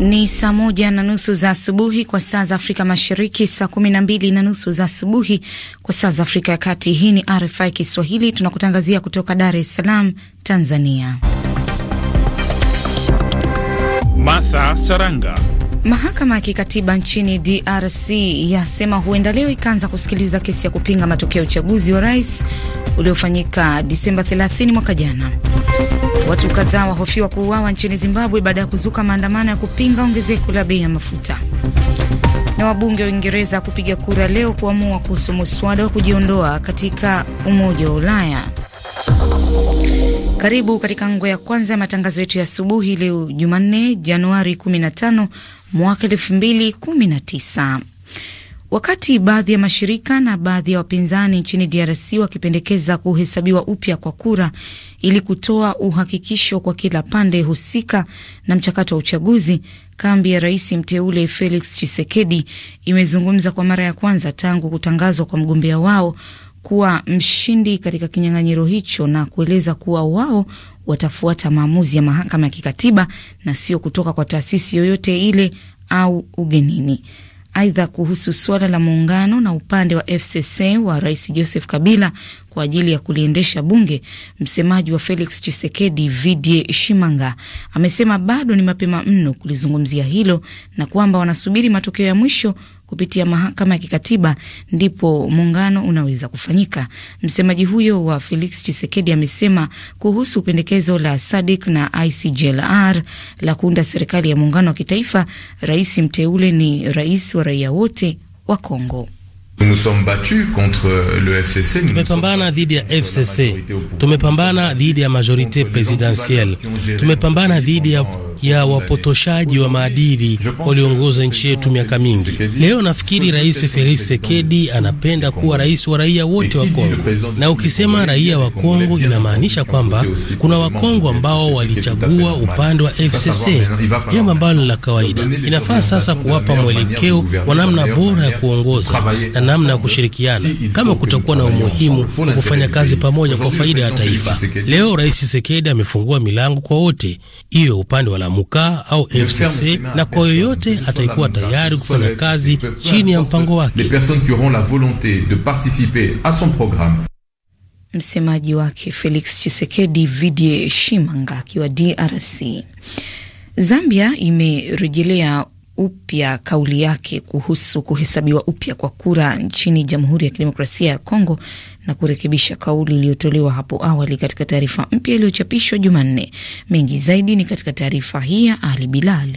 Ni saa moja na nusu za asubuhi kwa saa za Afrika Mashariki, saa kumi na mbili na nusu za asubuhi kwa saa za Afrika ya Kati. Hii ni RFI Kiswahili, tunakutangazia kutoka Dar es Salaam, Tanzania. Martha Saranga. Mahakama ya kikatiba nchini DRC yasema huenda leo ikaanza kusikiliza kesi ya kupinga matokeo ya uchaguzi wa rais uliofanyika Disemba 30 mwaka jana. Watu kadhaa wahofiwa kuuawa nchini Zimbabwe baada ya kuzuka maandamano ya kupinga ongezeko la bei ya mafuta. Na wabunge wa Uingereza kupiga kura leo kuamua kuhusu muswada wa kujiondoa katika Umoja wa Ulaya. Karibu katika ngo ya kwanza ya matangazo yetu ya asubuhi leo Jumanne, Januari 15 mwaka 2019. Wakati baadhi ya mashirika na baadhi ya wapinzani nchini DRC wakipendekeza kuhesabiwa upya kwa kura ili kutoa uhakikisho kwa kila pande husika na mchakato wa uchaguzi, kambi ya rais mteule Felix Tshisekedi imezungumza kwa mara ya kwanza tangu kutangazwa kwa mgombea wao kuwa mshindi katika kinyang'anyiro hicho na kueleza kuwa wao watafuata maamuzi ya mahakama ya kikatiba na sio kutoka kwa taasisi yoyote ile au ugenini. Aidha, kuhusu suala la muungano na upande wa FCC wa Rais Joseph Kabila kwa ajili ya kuliendesha bunge, msemaji wa Felix Chisekedi Vidie Shimanga amesema bado ni mapema mno kulizungumzia hilo na kwamba wanasubiri matokeo ya mwisho kupitia mahakama ya kikatiba ndipo muungano unaweza kufanyika. Msemaji huyo wa Felix Chisekedi amesema kuhusu pendekezo la SADC na ICJLR la kuunda serikali ya muungano wa kitaifa, rais mteule ni rais wa raia wote wa Kongo. Tumepambana dhidi ya FCC, tumepambana dhidi ya majorite presidentielle, tumepambana dhidi ya ya wapotoshaji wa maadili walioongoza nchi yetu miaka mingi. Leo nafikiri Rais Felix Tshisekedi anapenda kuwa rais wa raia wote wa Kongo, na ukisema raia wa Kongo inamaanisha kwamba kuna Wakongo ambao walichagua upande wa FCC, jambo ambalo ni la kawaida. Inafaa sasa kuwapa mwelekeo wa namna bora ya kuongoza na namna ya kushirikiana, kama kutakuwa na umuhimu wa kufanya kazi pamoja kwa faida ya taifa. Leo Rais Tshisekedi amefungua milango kwa wote, iwe upande wa MUKA au FCC na kwa yoyote ataikuwa tayari kufanya kazi chini ya mpango wake. Msemaji wake Felix Chisekedi Vidie Shimanga akiwa DRC. Zambia imerejelea upya kauli yake kuhusu kuhesabiwa upya kwa kura nchini Jamhuri ya Kidemokrasia ya Kongo na kurekebisha kauli iliyotolewa hapo awali katika taarifa mpya iliyochapishwa Jumanne. Mengi zaidi ni katika taarifa hii ya Ali Bilal.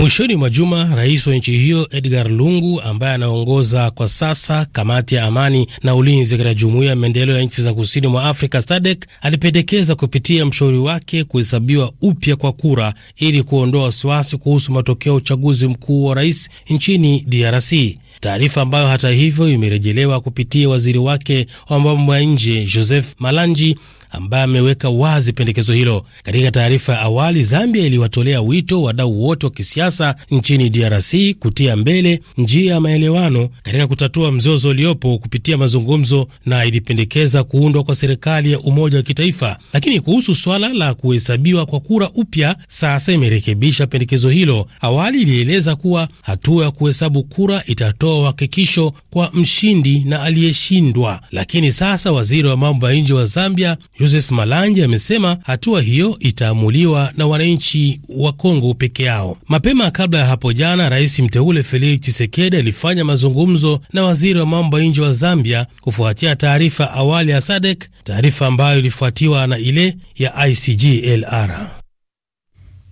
Mwishoni mwa juma, rais wa nchi hiyo Edgar Lungu, ambaye anaongoza kwa sasa kamati ya amani na ulinzi katika jumuiya ya maendeleo ya nchi za kusini mwa Afrika SADC, alipendekeza kupitia mshauri wake kuhesabiwa upya kwa kura ili kuondoa wasiwasi kuhusu matokeo ya uchaguzi mkuu wa rais nchini DRC, taarifa ambayo hata hivyo imerejelewa kupitia waziri wake wa mambo ya nje Joseph Malanji ambaye ameweka wazi pendekezo hilo. Katika taarifa ya awali, Zambia iliwatolea wito wadau wote wa kisiasa nchini DRC kutia mbele njia ya maelewano katika kutatua mzozo uliopo kupitia mazungumzo, na ilipendekeza kuundwa kwa serikali ya umoja wa kitaifa. Lakini kuhusu swala la kuhesabiwa kwa kura upya, sasa imerekebisha pendekezo hilo. Awali ilieleza kuwa hatua ya kuhesabu kura itatoa uhakikisho kwa mshindi na aliyeshindwa, lakini sasa waziri wa mambo ya nje wa Zambia Joseph Malanje amesema hatua hiyo itaamuliwa na wananchi wa Kongo peke yao. Mapema kabla ya hapo jana, rais mteule Felix Chisekedi alifanya mazungumzo na waziri wa mambo ya nje wa Zambia kufuatia taarifa awali ya SADC, taarifa ambayo ilifuatiwa na ile ya ICGLR.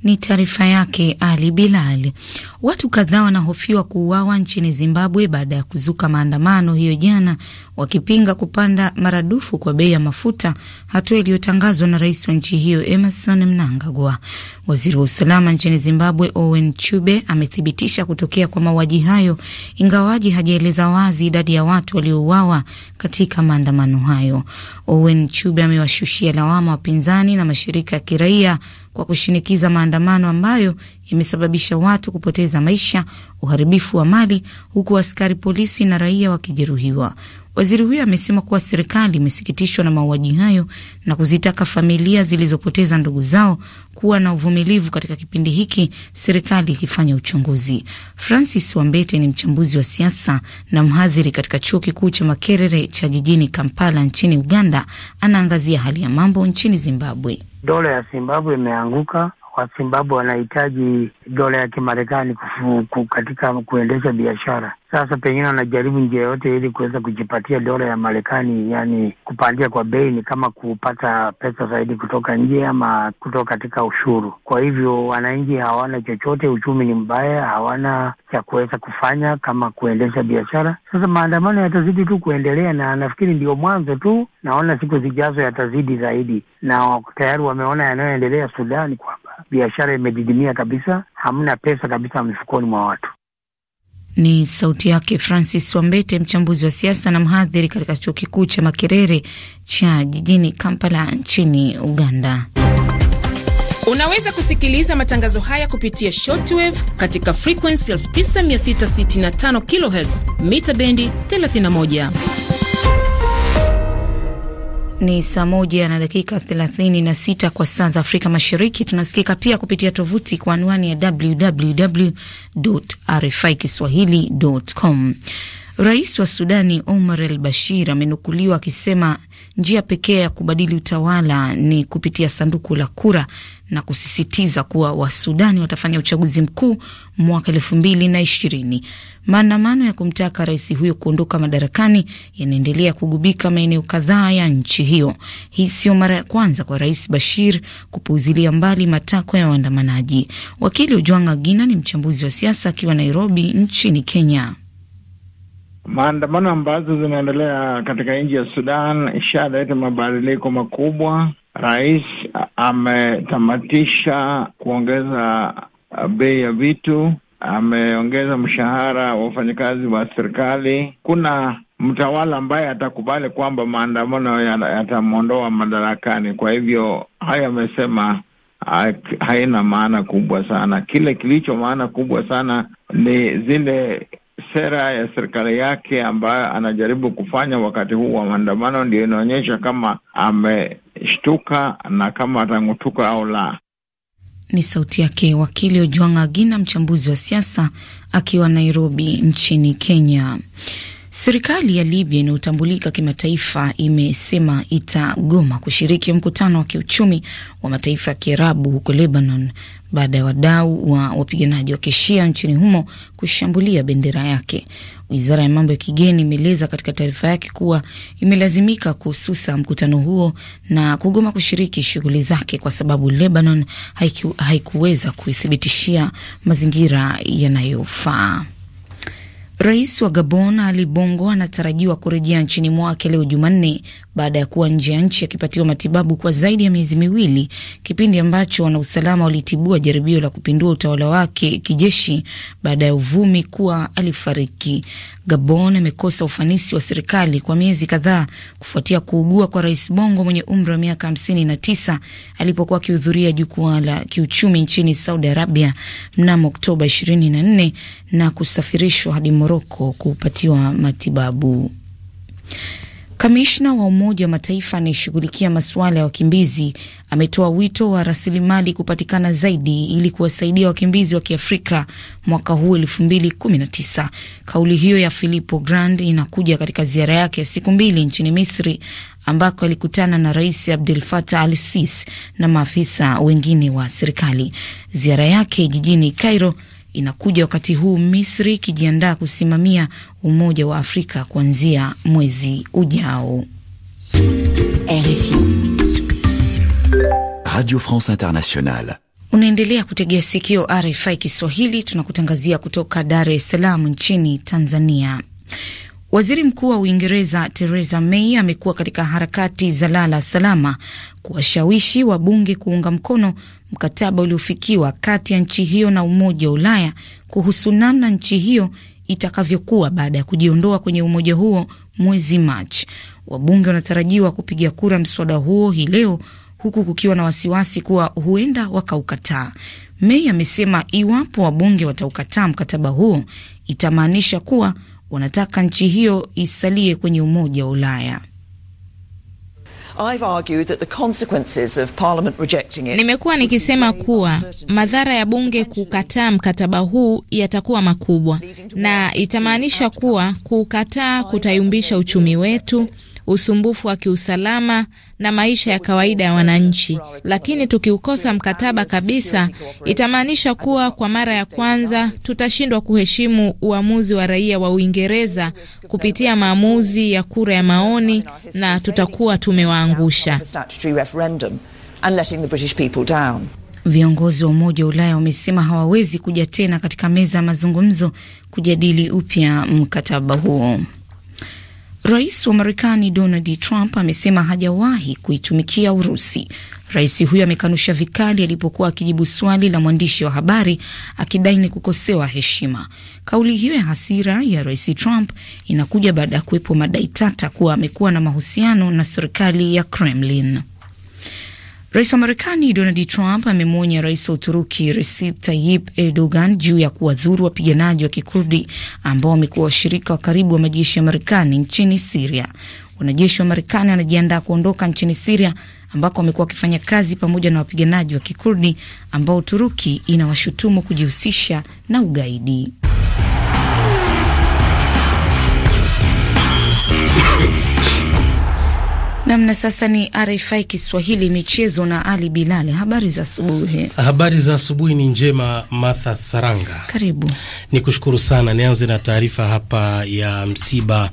Ni taarifa yake Ali Bilal. Watu kadhaa wanahofiwa kuuawa nchini Zimbabwe baada ya kuzuka maandamano hiyo jana, wakipinga kupanda maradufu kwa bei ya mafuta, hatua iliyotangazwa na rais wa nchi hiyo Emerson Mnangagwa. Waziri wa usalama nchini Zimbabwe Owen Chube amethibitisha kutokea kwa mauaji hayo, ingawaji hajaeleza wazi idadi ya watu waliouawa katika maandamano hayo. Owen Chube amewashushia lawama wapinzani na mashirika ya kiraia kwa kushinikiza maandamano ambayo yamesababisha watu kupoteza maisha, uharibifu wa mali, huku askari polisi na raia wakijeruhiwa. Waziri huyo amesema kuwa serikali imesikitishwa na mauaji hayo na kuzitaka familia zilizopoteza ndugu zao kuwa na uvumilivu katika kipindi hiki, serikali ikifanya uchunguzi. Francis Wambete ni mchambuzi wa siasa na mhadhiri katika chuo kikuu cha Makerere cha jijini Kampala nchini Uganda. Anaangazia hali ya mambo nchini Zimbabwe dola ya Zimbabwe imeanguka wa Zimbabwe wanahitaji dola ya Kimarekani katika kuendesha biashara. Sasa pengine wanajaribu njia yote ili kuweza kujipatia dola ya Marekani, yani kupandia kwa bei ni kama kupata pesa zaidi kutoka nje ama kutoka katika ushuru. Kwa hivyo wananchi hawana chochote, uchumi ni mbaya, hawana cha kuweza kufanya kama kuendesha biashara. Sasa maandamano yatazidi tu kuendelea, na nafikiri ndio mwanzo tu, naona siku zijazo yatazidi zaidi, na tayari wameona yanayoendelea Sudani kwa biashara imedidimia kabisa, hamna pesa kabisa mifukoni mwa watu. Ni sauti yake Francis Wambete, mchambuzi wa siasa na mhadhiri katika chuo kikuu cha Makerere cha jijini Kampala nchini Uganda. Unaweza kusikiliza matangazo haya kupitia shortwave katika frequency 9665 kilohertz mita bendi 31. Ni saa moja na dakika 36 kwa saa za Afrika Mashariki. Tunasikika pia kupitia tovuti kwa anwani ya www RFI kiswahilicom. Rais wa Sudani Omar al Bashir amenukuliwa akisema njia pekee ya kubadili utawala ni kupitia sanduku la kura na kusisitiza kuwa Wasudani watafanya uchaguzi mkuu mwaka elfu mbili na ishirini. Maandamano ya kumtaka rais huyo kuondoka madarakani yanaendelea kugubika maeneo kadhaa ya nchi hiyo. Hii sio mara ya kwanza kwa Rais Bashir kupuuzilia mbali matakwa ya waandamanaji. Wakili Ujwanga Gina ni mchambuzi wa siasa akiwa Nairobi nchini Kenya. Maandamano ambazo zinaendelea katika nchi ya Sudan ishaleta mabadiliko makubwa. Rais ametamatisha kuongeza uh, bei ya vitu, ameongeza mshahara wa wafanyakazi wa serikali. Kuna mtawala ambaye atakubali kwamba maandamano yatamwondoa madarakani. Kwa hivyo hayo amesema haina maana kubwa sana. Kile kilicho maana kubwa sana ni zile sera ya serikali yake ambayo anajaribu kufanya wakati huu wa maandamano ndio inaonyesha kama ameshtuka na kama atangutuka au la. Ni sauti yake wakili Ojwanga Agina, mchambuzi wa siasa akiwa Nairobi nchini Kenya. Serikali ya Libya inayotambulika kimataifa imesema itagoma kushiriki mkutano wa kiuchumi wa mataifa ya Kiarabu huko Lebanon baada ya wadau wa wapiganaji wa kishia nchini humo kushambulia bendera yake. Wizara ya mambo ya kigeni imeeleza katika taarifa yake kuwa imelazimika kuhususa mkutano huo na kugoma kushiriki shughuli zake kwa sababu Lebanon haiku, haikuweza kuithibitishia mazingira yanayofaa. Rais wa Gabon Ali Bongo anatarajiwa kurejea nchini mwake leo Jumanne baada ya kuwa nje ya nchi akipatiwa matibabu kwa zaidi ya miezi miwili, kipindi ambacho wanausalama walitibua jaribio la kupindua utawala wake kijeshi baada ya uvumi kuwa alifariki. Gabon amekosa ufanisi wa serikali kwa miezi kadhaa kufuatia kuugua kwa Rais Bongo mwenye umri wa miaka 59 alipokuwa akihudhuria jukwaa la kiuchumi nchini Saudi Arabia mnamo Oktoba 24 na kusafirishwa hadi Moroko kupatiwa matibabu. Kamishna wa Umoja wa Mataifa anayeshughulikia masuala ya wakimbizi ametoa wito wa rasilimali kupatikana zaidi ili kuwasaidia wakimbizi wa kiafrika mwaka huu 2019. Kauli hiyo ya Filippo Grandi inakuja katika ziara yake ya siku mbili nchini Misri ambako alikutana na Rais Abdel Fattah Al Sisi na maafisa wengine wa serikali. Ziara yake jijini Cairo inakuja wakati huu Misri ikijiandaa kusimamia Umoja wa Afrika kuanzia mwezi ujao. RFI Radio France Internationale. Unaendelea kutegea sikio RFI Kiswahili, tunakutangazia kutoka Dar es Salaam nchini Tanzania. Waziri Mkuu wa Uingereza Theresa May amekuwa katika harakati za lala salama kuwashawishi wabunge kuunga mkono mkataba uliofikiwa kati ya nchi hiyo na Umoja wa Ulaya kuhusu namna nchi hiyo itakavyokuwa baada ya kujiondoa kwenye umoja huo mwezi Machi. Wabunge wanatarajiwa kupiga kura mswada huo hii leo huku kukiwa na wasiwasi kuwa huenda wakaukataa. Mei amesema iwapo wabunge wataukataa mkataba huo itamaanisha kuwa wanataka nchi hiyo isalie kwenye Umoja wa Ulaya. Nimekuwa nikisema kuwa madhara ya bunge kukataa mkataba huu yatakuwa makubwa na itamaanisha kuwa kukataa kutayumbisha uchumi wetu usumbufu wa kiusalama na maisha ya kawaida ya wananchi. Lakini tukiukosa mkataba kabisa, itamaanisha kuwa kwa mara ya kwanza tutashindwa kuheshimu uamuzi wa raia wa Uingereza kupitia maamuzi ya kura ya maoni na tutakuwa tumewaangusha. Viongozi wa Umoja wa Ulaya wamesema hawawezi kuja tena katika meza ya mazungumzo kujadili upya mkataba huo. Rais wa Marekani Donald Trump amesema hajawahi kuitumikia Urusi. Rais huyo amekanusha vikali alipokuwa akijibu swali la mwandishi wa habari akidai ni kukosewa heshima. Kauli hiyo ya hasira ya Rais Trump inakuja baada ya kuwepo madai tata kuwa amekuwa na mahusiano na serikali ya Kremlin. Rais wa Marekani Donald Trump amemwonya rais wa Uturuki Recep Tayyip Erdogan juu ya kuwadhuru wapiganaji wa Kikurdi ambao wamekuwa washirika wa karibu wa majeshi ya Marekani nchini Siria. Wanajeshi wa Marekani wanajiandaa kuondoka nchini Siria ambako wamekuwa wakifanya kazi pamoja na wapiganaji wa Kikurdi ambao Uturuki inawashutumu kujihusisha na ugaidi. Namna sasa ni RFI Kiswahili michezo na Ali Bilale. Habari za asubuhi. Habari za asubuhi ni njema, Martha Saranga, karibu. Ni kushukuru sana. Nianze na taarifa hapa ya msiba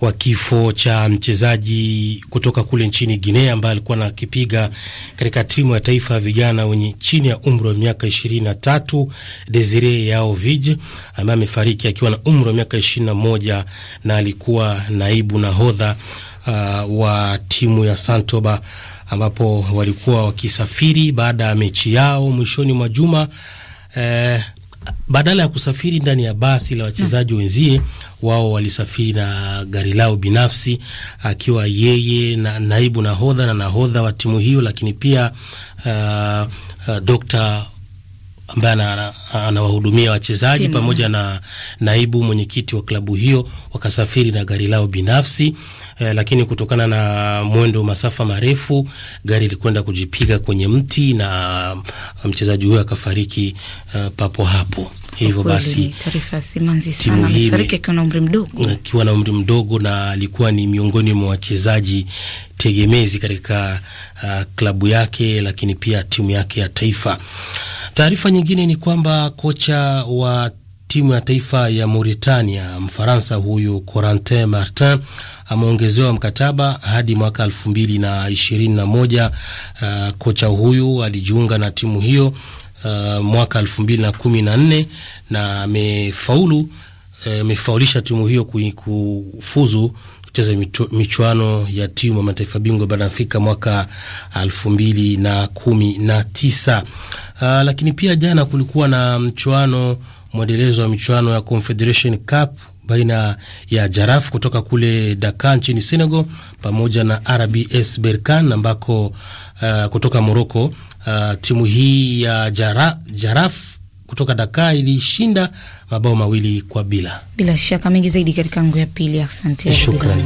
wa kifo cha mchezaji kutoka kule nchini Guinea ambaye alikuwa nakipiga katika timu ya taifa ya vijana wenye chini ya umri wa miaka ishirini na tatu, Desire Yao Vije ambaye amefariki akiwa na umri wa miaka ishirini na moja na alikuwa naibu nahodha uh, wa timu ya Santoba ambapo walikuwa wakisafiri baada ya mechi yao mwishoni mwa juma eh, badala ya kusafiri ndani ya basi la wachezaji wenzie wao walisafiri na gari lao binafsi, akiwa yeye na naibu nahodha na nahodha wa timu hiyo, lakini pia uh, uh, Dr ambaye anawahudumia wachezaji pamoja na naibu mwenyekiti wa klabu hiyo, wakasafiri na gari lao binafsi eh, lakini kutokana na mwendo masafa marefu gari ilikwenda kujipiga kwenye mti na uh, mchezaji huyo akafariki uh, papo hapo. Hivyo basi timu hii akiwa na umri mdogo, mdogo na alikuwa ni miongoni mwa wachezaji tegemezi katika uh, klabu yake lakini pia timu yake ya taifa. Taarifa nyingine ni kwamba kocha wa timu ya taifa ya Mauritania Mfaransa huyu Corentin Martin ameongezewa mkataba hadi mwaka elfu mbili na ishirini na moja. Uh, kocha huyu alijiunga na timu hiyo uh, mwaka elfu mbili na kumi na nne na amefaulu uh, amefaulisha uh, timu hiyo kufuzu kucheza michuano ya timu ya mataifa bingwa barani Afrika mwaka elfu mbili na kumi na tisa. Uh, lakini pia jana kulikuwa na mchuano mwendelezo wa michuano ya Confederation Cup baina ya Jaraf kutoka kule Dakar nchini Senegal pamoja na RBS berkan ambako uh, kutoka Morocco. Uh, timu hii ya Jara, Jaraf kutoka Dakar ilishinda mabao mawili kwa bila. Bila shaka mengi zaidi katika ya pili. Asante, shukrani.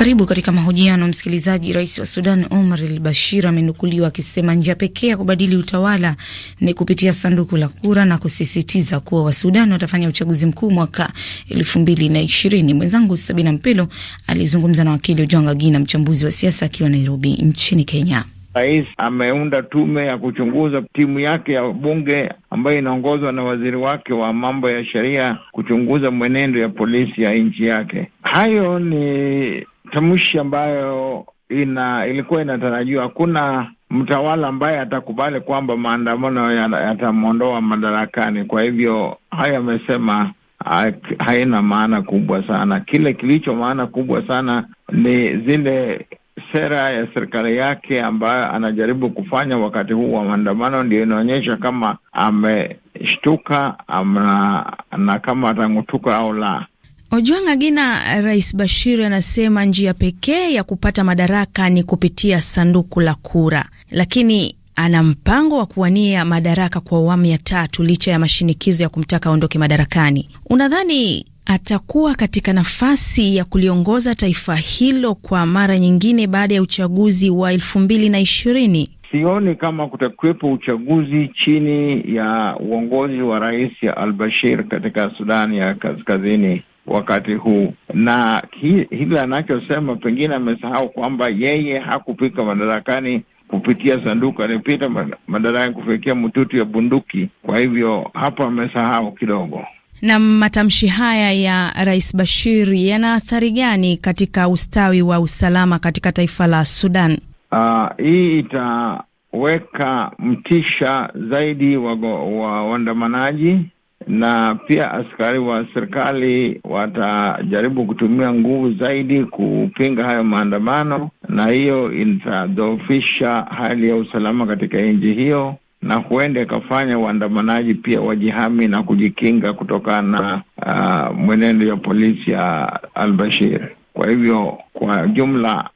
Karibu katika mahojiano msikilizaji. Rais wa Sudan Omar al Bashir amenukuliwa akisema njia pekee ya kubadili utawala ni kupitia sanduku la kura na kusisitiza kuwa Wasudan watafanya uchaguzi mkuu mwaka elfu mbili na ishirini. Mwenzangu Sabina Mpelo alizungumza na wakili Ojwanga Gina, mchambuzi wa siasa, akiwa Nairobi nchini Kenya. Rais ameunda tume ya kuchunguza timu yake ya bunge ambayo inaongozwa na waziri wake wa mambo ya sheria kuchunguza mwenendo ya polisi ya nchi yake. Hayo ni tamshi ambayo ina ilikuwa inatarajiwa. Hakuna mtawala ambaye atakubali kwamba maandamano yatamwondoa madarakani. Kwa hivyo haya amesema haina maana kubwa sana. Kile kilicho maana kubwa sana ni zile sera ya serikali yake ambayo anajaribu kufanya wakati huu wa maandamano, ndio inaonyesha kama ameshtuka na kama atangutuka au la ojuanga gina eh, Rais Bashir anasema njia pekee ya kupata madaraka ni kupitia sanduku la kura, lakini ana mpango wa kuwania madaraka kwa awamu ya tatu licha ya mashinikizo ya kumtaka aondoke madarakani. Unadhani atakuwa katika nafasi ya kuliongoza taifa hilo kwa mara nyingine baada ya uchaguzi wa elfu mbili na ishirini? Sioni kama kutakuwepo uchaguzi chini ya uongozi wa rais al Bashir katika Sudani ya Kaskazini wakati huu, na hili anachosema pengine amesahau kwamba yeye hakupika madarakani kupitia sanduku, alipita madarakani kufikia mtutu ya bunduki. Kwa hivyo hapo amesahau kidogo. Na matamshi haya ya Rais Bashir yana athari gani katika ustawi wa usalama katika taifa la Sudan? Uh, hii itaweka mtisha zaidi wa waandamanaji na pia askari wa serikali watajaribu kutumia nguvu zaidi kupinga hayo maandamano, na hiyo itadhoofisha hali ya usalama katika nchi hiyo, na huenda ikafanya waandamanaji pia wajihami na kujikinga kutokana na uh, mwenendo ya polisi ya albashir Kwa hivyo, kwa jumla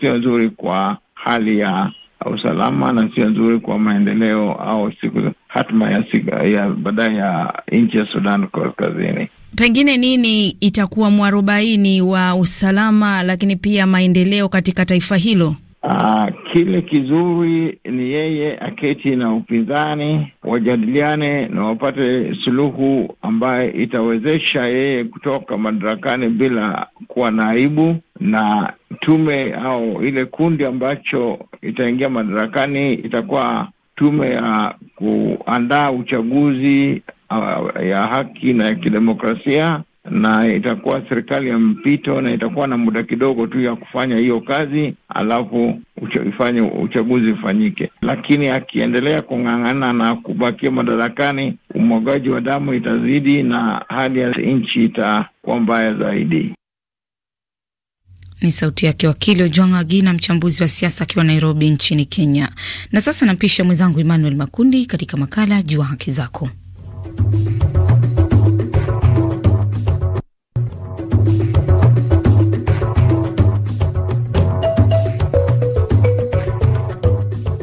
sio nzuri kwa hali ya usalama na sio nzuri kwa maendeleo au siku hatma ya, ya baadaye ya nchi ya Sudan Kaskazini. Pengine nini itakuwa mwarobaini wa usalama, lakini pia maendeleo katika taifa hilo? Aa, ah, kile kizuri ni yeye aketi na upinzani wajadiliane na wapate suluhu ambaye itawezesha yeye kutoka madarakani bila kuwa naibu, na tume au ile kundi ambacho itaingia madarakani itakuwa tume ya kuandaa uchaguzi uh, ya haki na ya kidemokrasia na itakuwa serikali ya mpito na itakuwa na muda kidogo tu ya kufanya hiyo kazi, alafu ifanye uchaguzi ufanyike. Lakini akiendelea kung'ang'ana na kubakia madarakani, umwagaji wa damu itazidi na hali ya nchi itakuwa mbaya zaidi. Ni sauti yake wakili Ojwang Agina, mchambuzi wa siasa akiwa Nairobi nchini Kenya. Na sasa nampisha mwenzangu Emmanuel Makundi katika makala Jua Haki Zako.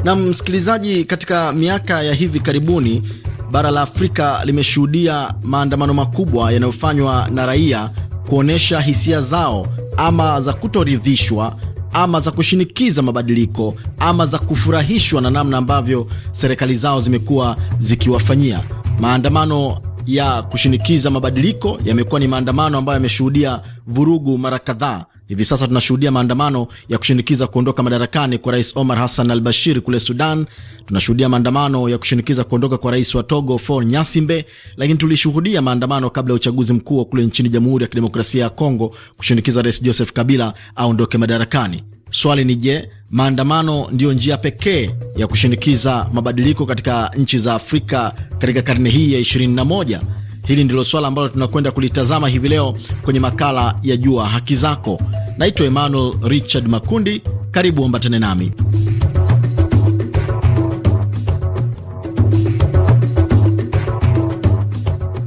Na msikilizaji, katika miaka ya hivi karibuni bara la Afrika limeshuhudia maandamano makubwa yanayofanywa na raia kuonyesha hisia zao ama za kutoridhishwa ama za kushinikiza mabadiliko ama za kufurahishwa na namna ambavyo serikali zao zimekuwa zikiwafanyia. Maandamano ya kushinikiza mabadiliko yamekuwa ni maandamano ambayo yameshuhudia vurugu mara kadhaa Hivi sasa tunashuhudia maandamano ya kushinikiza kuondoka madarakani kwa rais Omar Hassan al Bashir kule Sudan. Tunashuhudia maandamano ya kushinikiza kuondoka kwa rais wa Togo Faure Nyasimbe, lakini tulishuhudia maandamano kabla ya uchaguzi mkuu kule nchini Jamhuri ya Kidemokrasia ya Kongo kushinikiza rais Joseph Kabila aondoke madarakani. Swali ni je, maandamano ndiyo njia pekee ya kushinikiza mabadiliko katika nchi za Afrika katika karne hii ya 21? Hili ndilo swala ambalo tunakwenda kulitazama hivi leo kwenye makala ya Jua Haki Zako. Naitwa Emmanuel Richard Makundi, karibu ambatane nami.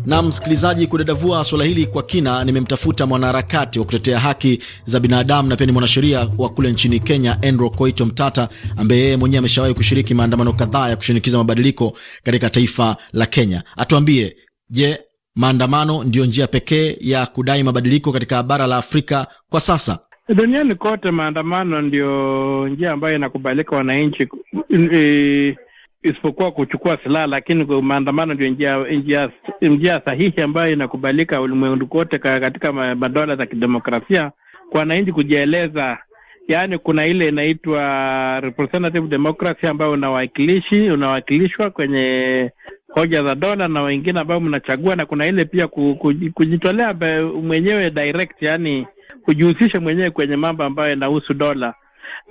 na msikilizaji, kudadavua swala hili kwa kina, nimemtafuta mwanaharakati wa kutetea haki za binadamu na pia ni mwanasheria wa kule nchini Kenya, Enro Koito Mtata, ambaye yeye mwenyewe ameshawahi kushiriki maandamano kadhaa ya kushinikiza mabadiliko katika taifa la Kenya. Atuambie, je, Maandamano ndiyo njia pekee ya kudai mabadiliko katika bara la Afrika kwa sasa. Duniani kote maandamano ndiyo njia ambayo inakubalika wananchi e, isipokuwa kuchukua silaha, lakini maandamano ndio njia, njia, njia sahihi ambayo inakubalika ulimwengu kote katika madola za kidemokrasia kwa wananchi kujieleza. Yaani kuna ile inaitwa representative democracy ambayo unawakilishi unawakilishwa kwenye hoja za dola na wengine ambao mnachagua, na kuna ile pia kujitolea mwenyewe direct, yani kujihusisha mwenyewe kwenye mambo ambayo yanahusu dola.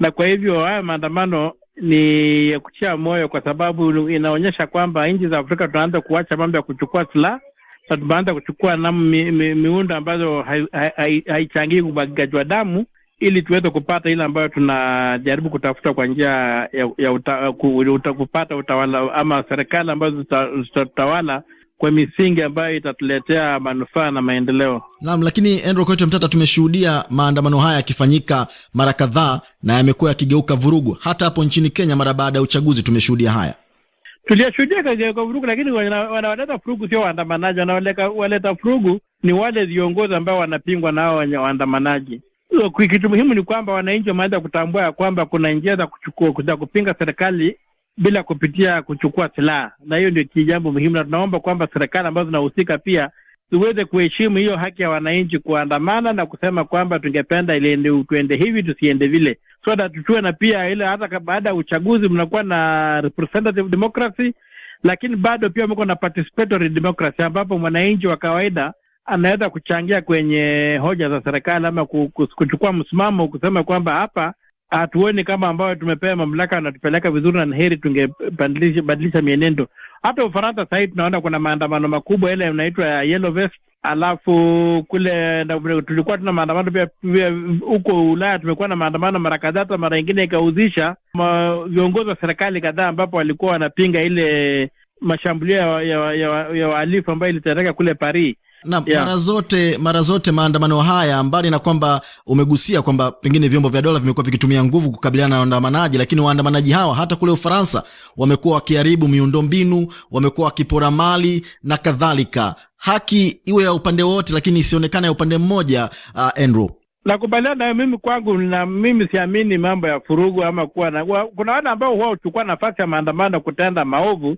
Na kwa hivyo haya maandamano ni ya kutia moyo, kwa sababu inaonyesha kwamba nchi za Afrika tunaanza kuacha mambo ya kuchukua silaha na tumeanza kuchukua namu mi, mi, miundo ambazo haichangii hai, hai, umwagikaji wa damu ili tuweze kupata ile ambayo tunajaribu kutafuta kwa njia ya, ya uta, uta, kupata utawala ama serikali ambazo zitatawala kwa misingi ambayo itatuletea manufaa na maendeleo. Naam, lakini Andrew Koito Mtata, tumeshuhudia maandamano haya yakifanyika mara kadhaa na yamekuwa yakigeuka vurugu. Hata hapo nchini Kenya mara baada ya uchaguzi tumeshuhudia haya, tuliyashuhudia kageuka vurugu, lakini wanaoleta furugu sio waandamanaji. Wanaoleta furugu ni wale viongozi ambao wanapingwa nao wenye waandamanaji. Kitu muhimu ni kwamba wananchi wameanza kutambua ya kwamba kuna njia za kuchukua za kupinga serikali bila kupitia kuchukua silaha, na hiyo ndio kijambo muhimu, na tunaomba kwamba serikali ambazo zinahusika pia tuweze kuheshimu hiyo haki ya wananchi kuandamana na kusema kwamba tungependa ile tuende hivi tusiende vile, so that tuwe na pia ile, hata baada ya uchaguzi mnakuwa na representative democracy, lakini bado pia mko na participatory democracy, ambapo mwananchi wa kawaida ameweza kuchangia kwenye hoja za serikali ama kuchukua msimamo kusema kwamba hapa hatuoni kama ambayo tumepewa mamlaka wanatupeleka vizuri, na ni heri tungebadilisha mienendo. Hata Ufaransa sahii tunaona kuna maandamano makubwa ile inaitwa yellow vest, alafu kule tulikuwa tuna maandamano pia huko Ulaya, tumekuwa na maandamano mara kadhaa, hata mara ingine ikahuzisha viongozi wa serikali kadhaa, ambapo walikuwa wanapinga ile mashambulio ya wahalifu ambayo ilitendeka kule Paris. Na yeah. Mara zote mara zote maandamano haya, mbali na kwamba umegusia kwamba pengine vyombo vya dola vimekuwa vikitumia nguvu kukabiliana na waandamanaji, lakini waandamanaji hawa hata kule Ufaransa wamekuwa wakiharibu miundombinu, wamekuwa wakipora mali na kadhalika. Haki iwe ya upande wote, lakini isionekane ya upande mmoja. Uh, Andrew nakubaliana nayo mimi kwangu, na mimi siamini mambo ya furugu ama kuwa na, kuna wale ambao huwa huchukua nafasi ya maandamano kutenda maovu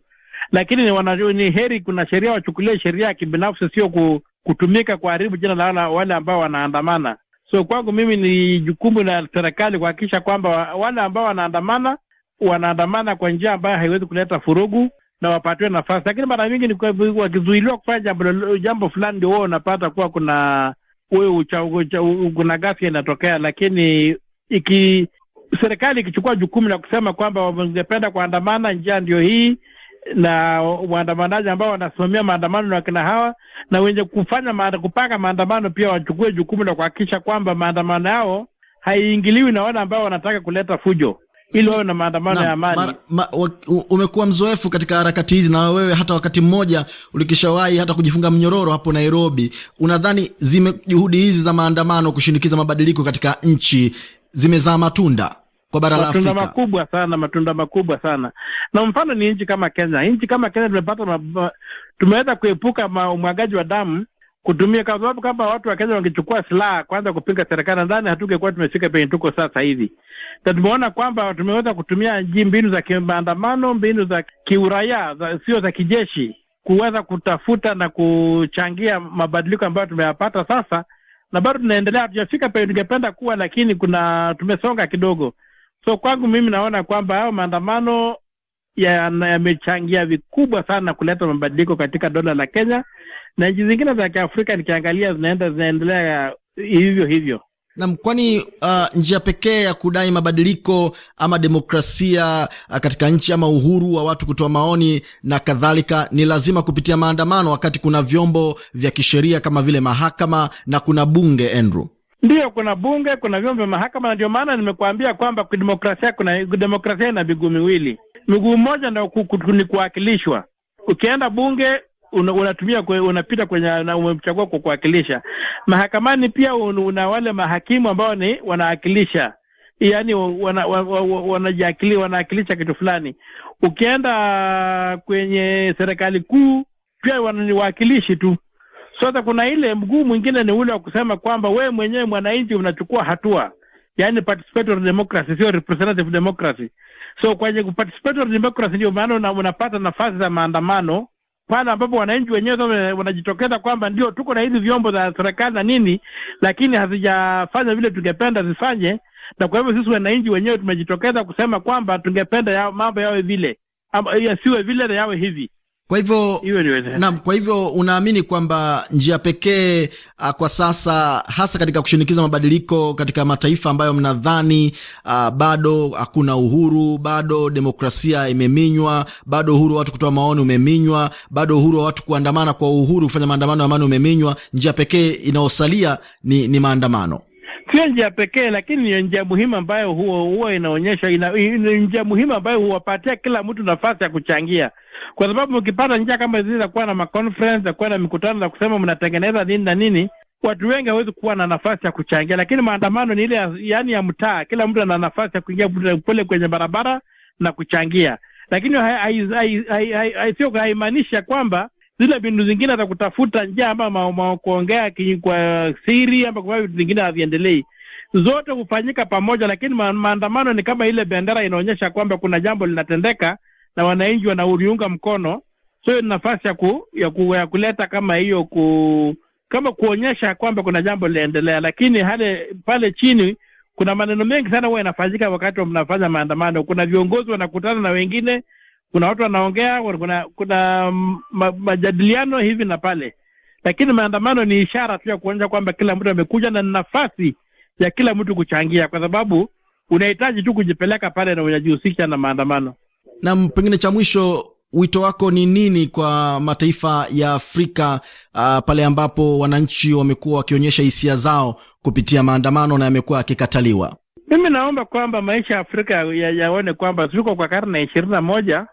lakini ni, wana, ni heri kuna sheria wachukulie sheria ya kibinafsi, sio kutumika kuharibu jina la wale ambao wanaandamana. So kwangu mimi ni jukumu la serikali kuhakikisha kwamba wale ambao wanaandamana wanaandamana kwa njia ambayo haiwezi kuleta furugu na wapatiwe nafasi, lakini mara nyingi wakizuiliwa kufanya jambo, jambo fulani ndio wao unapata kuwa kuna kuna ghasia inatokea, lakini iki serikali ikichukua jukumu la kusema kwamba wangependa kuandamana, kwa njia ndio hii na waandamanaji ambao wanasimamia maandamano na wakina hawa na wenye kufanya maanda, kupanga maandamano pia wachukue jukumu la kuhakikisha kwamba maandamano yao haiingiliwi na wale ambao wanataka kuleta fujo ili wawe na maandamano ya amani. Umekuwa mzoefu katika harakati hizi, na wewe hata wakati mmoja ulikishawahi hata kujifunga mnyororo hapo Nairobi. Unadhani zime juhudi hizi za maandamano kushinikiza mabadiliko katika nchi zimezaa matunda? kwa bara la Afrika. Matunda makubwa sana, matunda makubwa sana. Na mfano ni nchi kama Kenya. Nchi kama Kenya tumepata, ma, tumeweza kuepuka umwagaji wa damu kutumia kwa sababu kama watu wa Kenya wangechukua silaha kwanza kupinga serikali, ndani hatungekuwa tumefika penye tuko sasa hivi, na tumeona kwamba tumeweza kutumia ji mbinu za kimaandamano, mbinu za kiuraia, sio za kijeshi, kuweza kutafuta na kuchangia mabadiliko ambayo tumeyapata sasa, na bado tunaendelea, hatujafika penye tungependa kuwa, lakini kuna tumesonga kidogo. So kwangu mimi naona kwamba hayo maandamano yamechangia ya vikubwa sana kuleta mabadiliko katika dola la Kenya, na nchi zingine za Kiafrika nikiangalia zinaenda zinaendelea hivyo hivyo. Naam, kwani uh, njia pekee ya kudai mabadiliko ama demokrasia uh, katika nchi ama uhuru wa watu kutoa maoni na kadhalika ni lazima kupitia maandamano, wakati kuna vyombo vya kisheria kama vile mahakama na kuna bunge Andrew Ndiyo, kuna bunge, kuna vyombo vya mahakama, na ndio maana nimekuambia kwamba kidemokrasia, kuna demokrasia ina miguu miwili. Miguu mmoja ndo ni kuwakilishwa. Ukienda bunge unatumia kwe, unapita kwenye na umechagua kwa kuwakilisha. Mahakamani pia un, una wale mahakimu ambao ni wanawakilisha, yaani, wanajiakili wana, wana, wanawakilisha kitu fulani. Ukienda kwenye serikali kuu pia wananiwakilishi tu. Sasa kuna ile mguu mwingine ni ule wa kusema kwamba wewe mwenyewe mwananchi unachukua hatua, yani participatory democracy, sio representative democracy. So kwenye participatory democracy ndio maana una, unapata nafasi za maandamano pale ambapo wananchi wenyewe sasa wanajitokeza kwamba ndio tuko na hizi vyombo za serikali na nini, lakini hazijafanya vile tungependa zifanye, na kwa hivyo sisi wananchi wenyewe tumejitokeza kusema kwamba tungependa yao, mambo yawe vile ama yasiwe vile na yawe hivi. Kwa hivyo naam, kwa hivyo unaamini kwamba njia pekee ah, kwa sasa, hasa katika kushinikiza mabadiliko katika mataifa ambayo mnadhani ah, bado hakuna uhuru, bado demokrasia imeminywa, bado uhuru wa watu kutoa maoni umeminywa, bado uhuru wa watu kuandamana kwa uhuru, kufanya maandamano ya amani umeminywa, njia pekee inayosalia ni, ni maandamano? Sio njia pekee, lakini ni njia muhimu ambayo huo huo inaonyesha ina, ni njia muhimu ambayo huwapatia kila mtu nafasi ya kuchangia, kwa sababu ukipata njia kama zile za kuwa na maconference za kuwa na mikutano za kusema mnatengeneza nini na nini watu wengi hawezi kuwa na nafasi ya kuchangia, lakini maandamano ni ile ya, yani ya mtaa, kila mtu ana nafasi ya kuingia pole kwenye barabara na kuchangia, lakini haimaanishi ya kwamba zile bindu zingine za kutafuta njia ama kuongea kwa siri ama kufanya vitu vingine haviendelei, zote hufanyika pamoja, lakini ma maandamano ni kama ile bendera inaonyesha kwamba kuna jambo linatendeka na wananchi wanauliunga mkono. So hiyo ni nafasi ya, ku, ya, ku, ya kuleta kama hiyo ku, kama kuonyesha kwamba kuna jambo linaendelea, lakini hale pale chini kuna maneno mengi sana huwa inafanyika wakati wa mnafanya maandamano. Kuna viongozi wanakutana na wengine kuna watu wanaongea, kuna, kuna ma, majadiliano hivi na pale, lakini maandamano ni ishara tu ya kuonyesha kwamba kila mtu amekuja na nafasi ya kila mtu kuchangia, kwa sababu unahitaji tu kujipeleka pale na unajihusisha na maandamano. Nam, pengine cha mwisho, wito wako ni nini kwa mataifa ya Afrika uh, pale ambapo wananchi wamekuwa wakionyesha hisia zao kupitia maandamano na yamekuwa akikataliwa? Mimi naomba kwamba maisha Afrika ya Afrika yaone kwamba tuko kwa karne ya ishirini na moja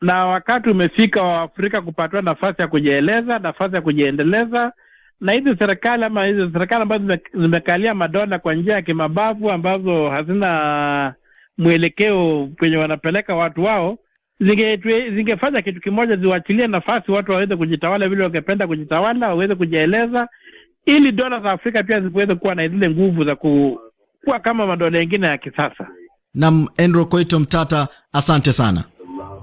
na wakati umefika wa Afrika kupatiwa nafasi ya kujieleza, nafasi ya kujiendeleza, na hizi serikali ama hizi serikali ambazo zimekalia madola kwa njia ya kimabavu, ambazo hazina mwelekeo kwenye wanapeleka watu wao, zingefanya kitu kimoja, ziwachilie nafasi watu waweze kujitawala vile wangependa kujitawala, waweze kujieleza, ili dola za Afrika pia ziweze kuwa na zile nguvu za kuwa kama madola mengine ya kisasa. Nam Andrew Koito Mtata, asante sana.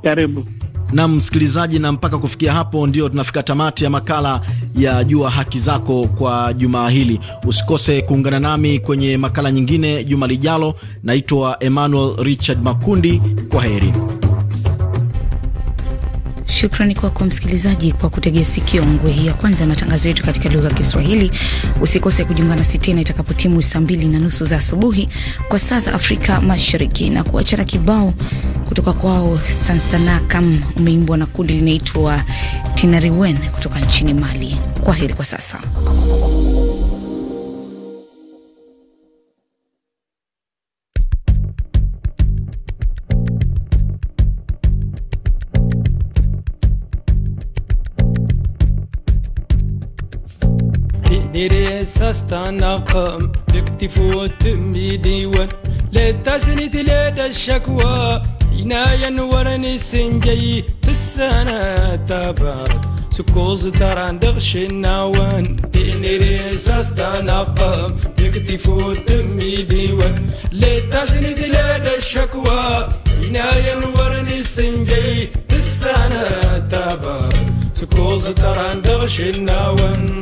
Karibu na msikilizaji, na mpaka kufikia hapo ndio tunafika tamati ya makala ya Jua Haki Zako kwa jumaa hili. Usikose kuungana nami kwenye makala nyingine juma lijalo. Naitwa Emmanuel Richard Makundi, kwa heri. Shukrani kwako msikilizaji kwa kutegea sikio ngwe hii ya kwanza ya matangazo yetu katika lugha ya Kiswahili. Usikose kujiunga nasi tena itakapotimu saa mbili na nusu za asubuhi kwa saa za Afrika Mashariki, na kuacha na kibao kutoka kwao kam umeimbwa na kundi linaitwa Tinariwen kutoka nchini Mali. Kwa heri kwa sasa. سستنقم لكتف تمي ديوان لا تسند لدى الشكوى إنا ينورني سنجي في السنة تبار سكوز تران دغش النوان ديني ريسا استنقم يكتف وتمي ديوان لا تسند لدى الشكوى إنا ينورني سنجي في السنة تبار سكوز تران دغش النوان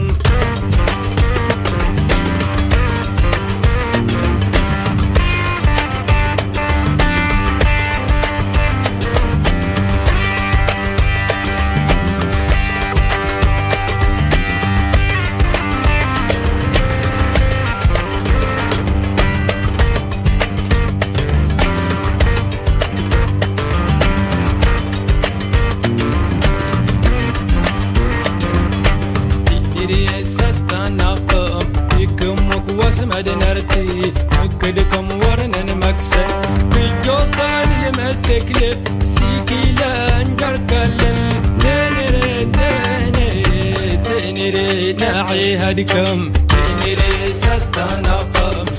دنرتي مكدكم ورنن مكسل بيجو طالي متكلب سيكي لانجر كلل لنري تنري تنري ناعي هدكم تنري سستنقم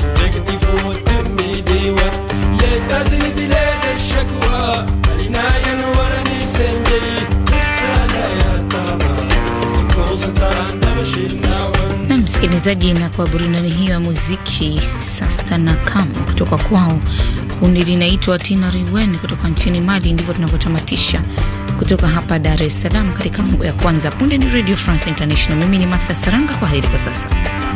msikilizaji, na kwa burudani hiyo ya muziki sasta na kam kutoka kwao, kundi linaitwa tina riwen kutoka nchini Mali. Ndivyo tunavyotamatisha kutoka hapa Dar es Salaam katika mambo ya kwanza. Punde ni Radio France International. Mimi ni Martha Saranga, kwa heri kwa sasa.